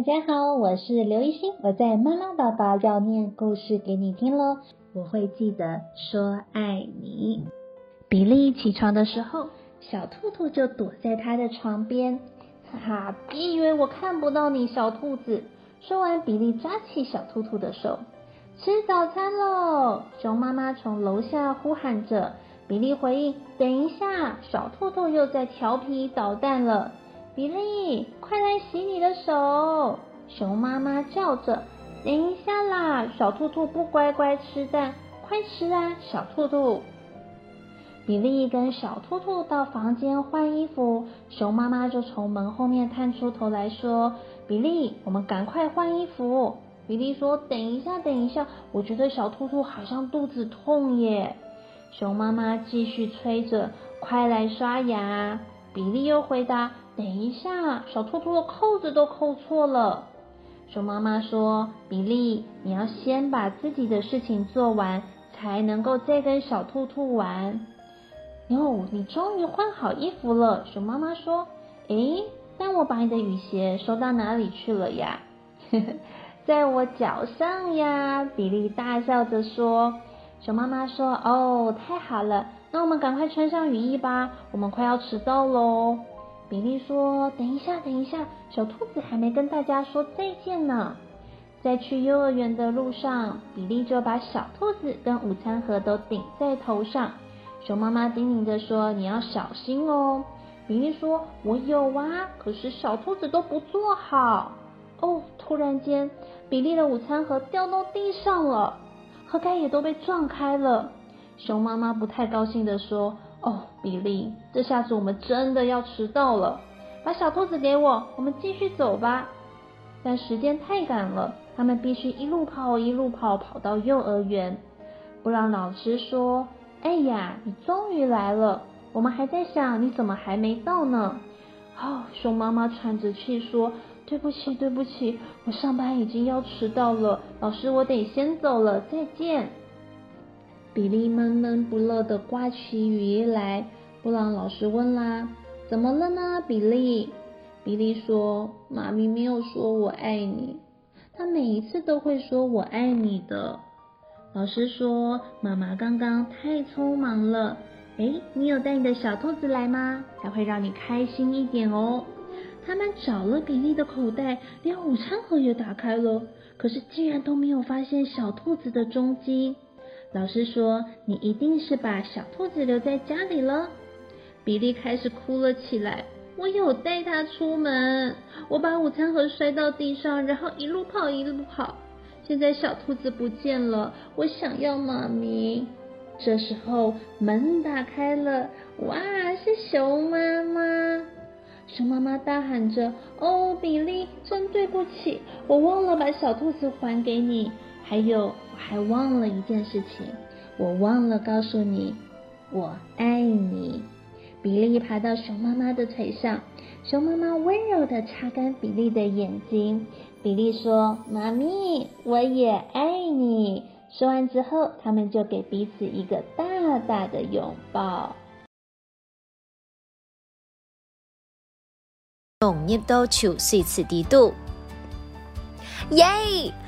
大家好，我是劉伊心，我在媽媽、爸爸要念故事給你聽嘍。我會記得說愛你。比利起床的時候，小兔兔就躲在他的床邊，哈哈，別以為我看不到你，小兔子。說完，比利抓起小兔兔的手，吃早餐嘍。熊媽媽從樓下呼喊着，比利回應。等一下，小兔兔又在調皮搗蛋了。比利，快來洗你的手！熊媽媽叫着。等一下啦，小兔兔不乖乖吃蛋，快吃啊，小兔兔！比利跟小兔兔到房間換衣服，熊媽媽就從門後面探出頭來說：“比利，我們趕快換衣服。”比利說：“等一下，等一下，我覺得小兔兔好像肚子痛耶。”熊媽媽繼續催着：“快來刷牙。”比利又回答：“等一下，小兔兔的扣子都扣錯了。”熊媽媽說：“比利，你要先把自己的事情做完，才能夠再跟小兔兔玩。”哦，你終於換好衣服了，熊媽媽說：“哎，那我把你的雨鞋收到哪裡去了呀？” 在我腳上呀，比利大笑着說。熊媽媽說：“哦，太好了。”那我們趕快穿上雨衣吧，我們快要遲到嘍。比利說：“等一下，等一下，小兔子還沒跟大家說再見呢。”在去幼兒園的路上，比利就把小兔子跟午餐盒都頂在頭上。熊媽媽叮嚀的說：“你要小心哦。”比利說：“我有啊，可是小兔子都不坐好。”哦，突然間，比利的午餐盒掉到地上了，盒蓋也都被撞開了。熊媽媽不太高興地說：“哦，比利，這下子我們真的要遲到了。把小兔子給我，我們繼續走吧。”但時間太趕了，他們必須一路跑一路跑，跑到幼兒園，布朗老師說：“哎呀，你終於來了，我們還在想你怎麼還沒到呢。”哦，熊媽媽喘着氣說：“對不起，對不起，我上班已經要遲到了。老師，我得先走了，再見。”比利悶悶不樂地掛起雨衣來，布朗老師問啦。怎麼了呢，比利？比利說：“媽咪沒有說我愛你，她每一次都會說我愛你的。”老師說：“媽媽剛剛太匆忙了。”哎，你有帶你的小兔子來嗎？才會讓你開心一點哦。他們找了比利的口袋，連午餐盒也打開了，可是竟然都沒有發現小兔子的蹤跡。老師說：“你一定是把小兔子留在家裡了。”比利開始哭了起來。我有帶它出門，我把午餐盒摔到地上，然後一路跑一路跑。現在小兔子不見了，我想要媽咪。這時候門打開了，哇，是熊媽媽！熊媽媽大喊着：“哦，比利，真對不起，我忘了把小兔子還給你。”還有。還忘了一件事情，我忘了告訴你，我愛你。比利爬到熊媽媽的腿上，熊媽媽溫柔的擦乾比利的眼睛。比利說：“媽咪，我也愛你。”說完之後，他們就給彼此一個大大的擁抱。動一動球，碎次低度，耶、yeah！